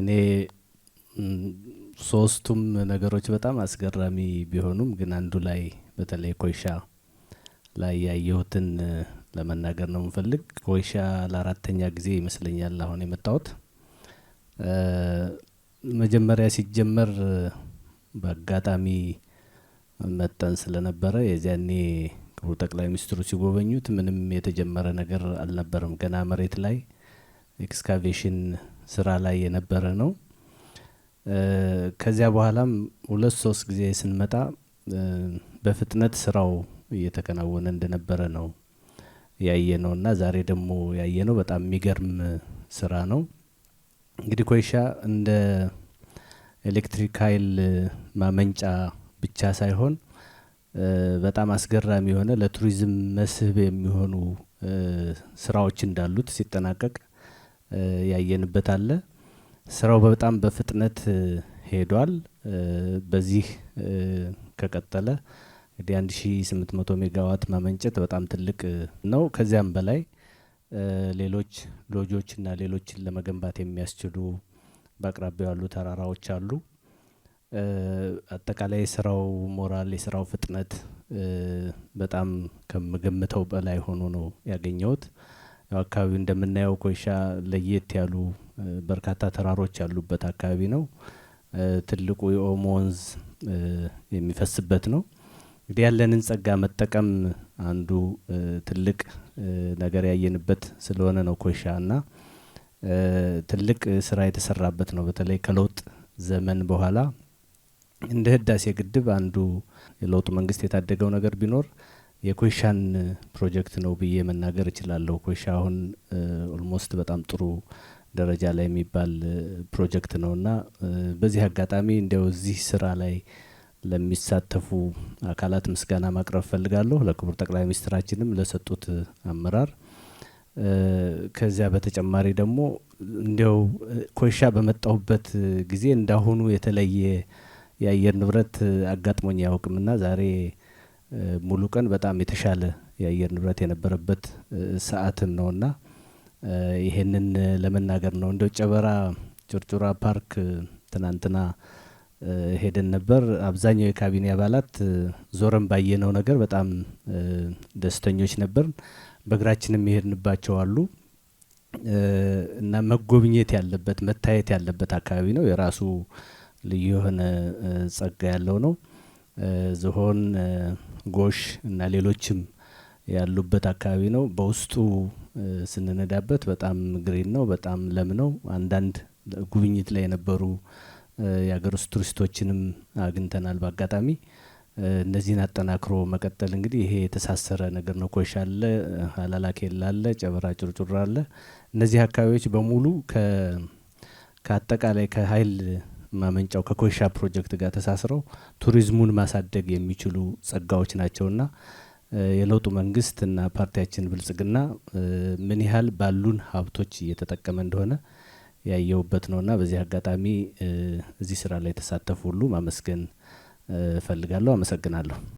እኔ ሶስቱም ነገሮች በጣም አስገራሚ ቢሆኑም ግን አንዱ ላይ በተለይ ኮይሻ ላይ ያየሁትን ለመናገር ነው ምፈልግ ኮይሻ ለአራተኛ ጊዜ ይመስለኛል አሁን የመጣሁት። መጀመሪያ ሲጀመር በአጋጣሚ መጠን ስለነበረ የዚያኔ ክቡር ጠቅላይ ሚኒስትሩ ሲጎበኙት ምንም የተጀመረ ነገር አልነበረም። ገና መሬት ላይ ኤክስካቬሽን ስራ ላይ የነበረ ነው። ከዚያ በኋላም ሁለት ሶስት ጊዜ ስንመጣ በፍጥነት ስራው እየተከናወነ እንደነበረ ነው ያየ ነው እና ዛሬ ደግሞ ያየ ነው በጣም የሚገርም ስራ ነው። እንግዲህ ኮይሻ እንደ ኤሌክትሪክ ኃይል ማመንጫ ብቻ ሳይሆን በጣም አስገራሚ የሆነ ለቱሪዝም መስህብ የሚሆኑ ስራዎች እንዳሉት ሲጠናቀቅ ያየንበት አለ። ስራው በጣም በፍጥነት ሄዷል። በዚህ ከቀጠለ እንግዲህ 1800 ሜጋዋት ማመንጨት በጣም ትልቅ ነው። ከዚያም በላይ ሌሎች ሎጆችና ሌሎችን ለመገንባት የሚያስችሉ በአቅራቢያው ያሉ ተራራዎች አሉ። አጠቃላይ የስራው ሞራል፣ የስራው ፍጥነት በጣም ከምገምተው በላይ ሆኖ ነው ያገኘሁት። አካባቢው እንደምናየው ኮይሻ ለየት ያሉ በርካታ ተራሮች ያሉበት አካባቢ ነው። ትልቁ የኦሞ ወንዝ የሚፈስበት ነው። እንግዲህ ያለንን ጸጋ መጠቀም አንዱ ትልቅ ነገር ያየንበት ስለሆነ ነው ኮይሻ እና ትልቅ ስራ የተሰራበት ነው። በተለይ ከለውጥ ዘመን በኋላ እንደ ህዳሴ ግድብ አንዱ የለውጡ መንግስት የታደገው ነገር ቢኖር የኮይሻን ፕሮጀክት ነው ብዬ መናገር እችላለሁ። ኮይሻ አሁን ኦልሞስት በጣም ጥሩ ደረጃ ላይ የሚባል ፕሮጀክት ነው እና በዚህ አጋጣሚ እንዲያው እዚህ ስራ ላይ ለሚሳተፉ አካላት ምስጋና ማቅረብ ፈልጋለሁ ለክቡር ጠቅላይ ሚኒስትራችንም ለሰጡት አመራር። ከዚያ በተጨማሪ ደግሞ እንዲያው ኮይሻ በመጣሁበት ጊዜ እንዳሁኑ የተለየ የአየር ንብረት አጋጥሞኝ እና ዛሬ ሙሉ ቀን በጣም የተሻለ የአየር ንብረት የነበረበት ሰዓትም ነውና ይሄንን ለመናገር ነው። እንደው ጨበራ ጩርጩራ ፓርክ ትናንትና ሄደን ነበር። አብዛኛው የካቢኔ አባላት ዞረን ባየነው ነገር በጣም ደስተኞች ነበር። በእግራችንም የሄድንባቸው አሉ እና መጎብኘት ያለበት መታየት ያለበት አካባቢ ነው። የራሱ ልዩ የሆነ ጸጋ ያለው ነው። ዝሆን፣ ጎሽ እና ሌሎችም ያሉበት አካባቢ ነው። በውስጡ ስንነዳበት በጣም ግሪን ነው፣ በጣም ለም ነው። አንዳንድ ጉብኝት ላይ የነበሩ የሀገር ውስጥ ቱሪስቶችንም አግኝተናል በአጋጣሚ። እነዚህን አጠናክሮ መቀጠል እንግዲህ ይሄ የተሳሰረ ነገር ነው። ኮሽ አለ፣ ሀላላ ኬላ አለ፣ ጨበራ ጩርጩራ አለ። እነዚህ አካባቢዎች በሙሉ ከአጠቃላይ ከሀይል ማመንጫው ከኮይሻ ፕሮጀክት ጋር ተሳስረው ቱሪዝሙን ማሳደግ የሚችሉ ጸጋዎች ናቸውና የለውጡ መንግስት እና ፓርቲያችን ብልጽግና ምን ያህል ባሉን ሀብቶች እየተጠቀመ እንደሆነ ያየውበት ነውና በዚህ አጋጣሚ እዚህ ስራ ላይ የተሳተፉ ሁሉ ማመስገን እፈልጋለሁ። አመሰግናለሁ።